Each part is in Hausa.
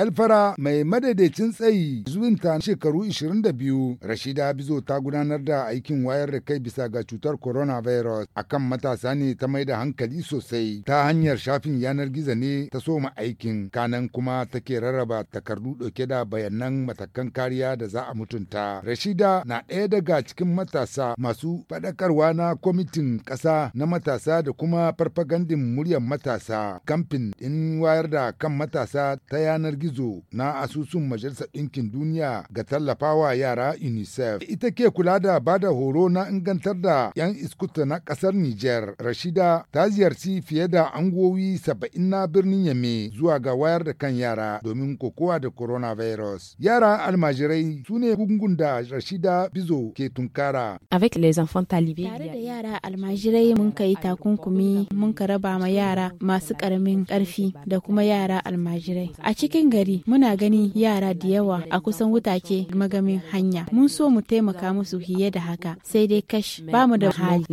Alfara mai madaidaicin tsayi zuwinta shekaru 22 Rashida Bizo ta gudanar da aikin wayar da kai bisa ga cutar coronavirus akan matasa ne ta mai da hankali sosai ta hanyar shafin yanar gizo ne ta soma aikin kanan kuma take rarraba takardu ɗauke da bayanan matakan kariya da za a mutunta. Rashida na ɗaya daga cikin matasa masu faɗakarwa na kwamitin ƙasa na matasa da kuma farfagandin muryar matasa kamfin in wayar da kan matasa ta yanar gizo Izo na asusun Majalisar Ɗinkin Duniya ga tallafawa yara UNICEF. Ita ke kula da ba da horo na ingantar da 'yan iskuta na ƙasar Nijar. Rashida ta ziyarci fiye da angowi saba'in na birnin Yame zuwa ga wayar da kan yara domin kokowa da coronavirus. Yara almajirai su ne gungun da Rashida Bizo ke tunkara. Avec les enfants talibés. Tare da yara almajirai mun kai takunkumi mun ka raba ma yara masu ƙaramin ƙarfi da kuma yara almajirai. A cikin gari gari muna ganin yara da yawa a kusan wutake magamin hanya. Mun so mu taimaka musu fiye da haka sai dai kash ba mu da hali.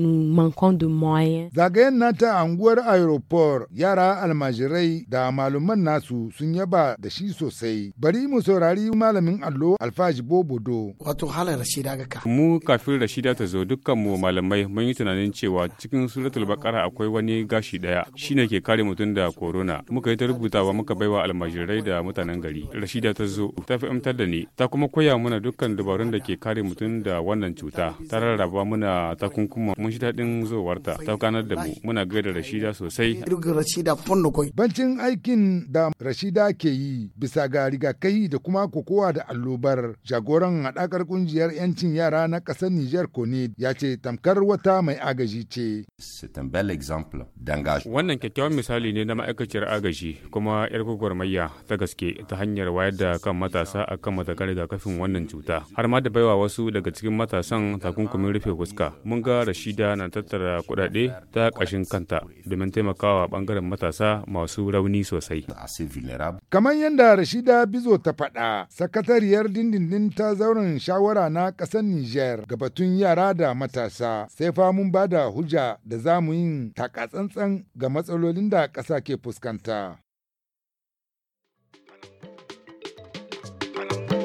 Zagayen nata anguwar aeroport yara almajirai da malaman nasu sun yaba da shi sosai. Bari mu saurari malamin allo alfaji bobodo. Wato halar Rashida ga ka. Mu kafin Rashida ta zo dukkan mu malamai mun yi tunanin cewa cikin suratul bakara akwai wani gashi daya shine ke kare mutum da corona. Muka yi ta rubutawa muka baiwa almajirai da mutanen gari rashida ta zo ta fi amtar da ni ta kuma koya mana dukkan dabarun da ke kare mutum da wannan cuta ta rarraba muna takunkuma mun shi daɗin zowarta ta kanar da mu muna gaida rashida sosai bancin aikin da rashida ke yi bisa ga rigakai da kuma kokowa da allobar jagoran haɗakar kungiyar 'yancin yara na ƙasar nijar kone ya ce tamkar wata mai agaji ce wannan kyakkyawan misali ne na ma'aikaciyar agaji kuma 'yar gwagwarmaya ta gaske gaske ta hanyar wayar da kan matasa a kan matakan rigakafin wannan cuta har ma da baiwa wasu daga cikin matasan takunkumin rufe fuska mun ga rashida na tattara kudade ta kashin kanta domin taimakawa bangaren matasa masu rauni sosai kamar yadda rashida bizo ta faɗa sakatariyar dindindin ta zauren shawara na ƙasar niger ga batun yara da matasa sai fa mun ba da hujja da za mu yin takatsantsan ga matsalolin da ƙasa ke fuskanta when I'm gone.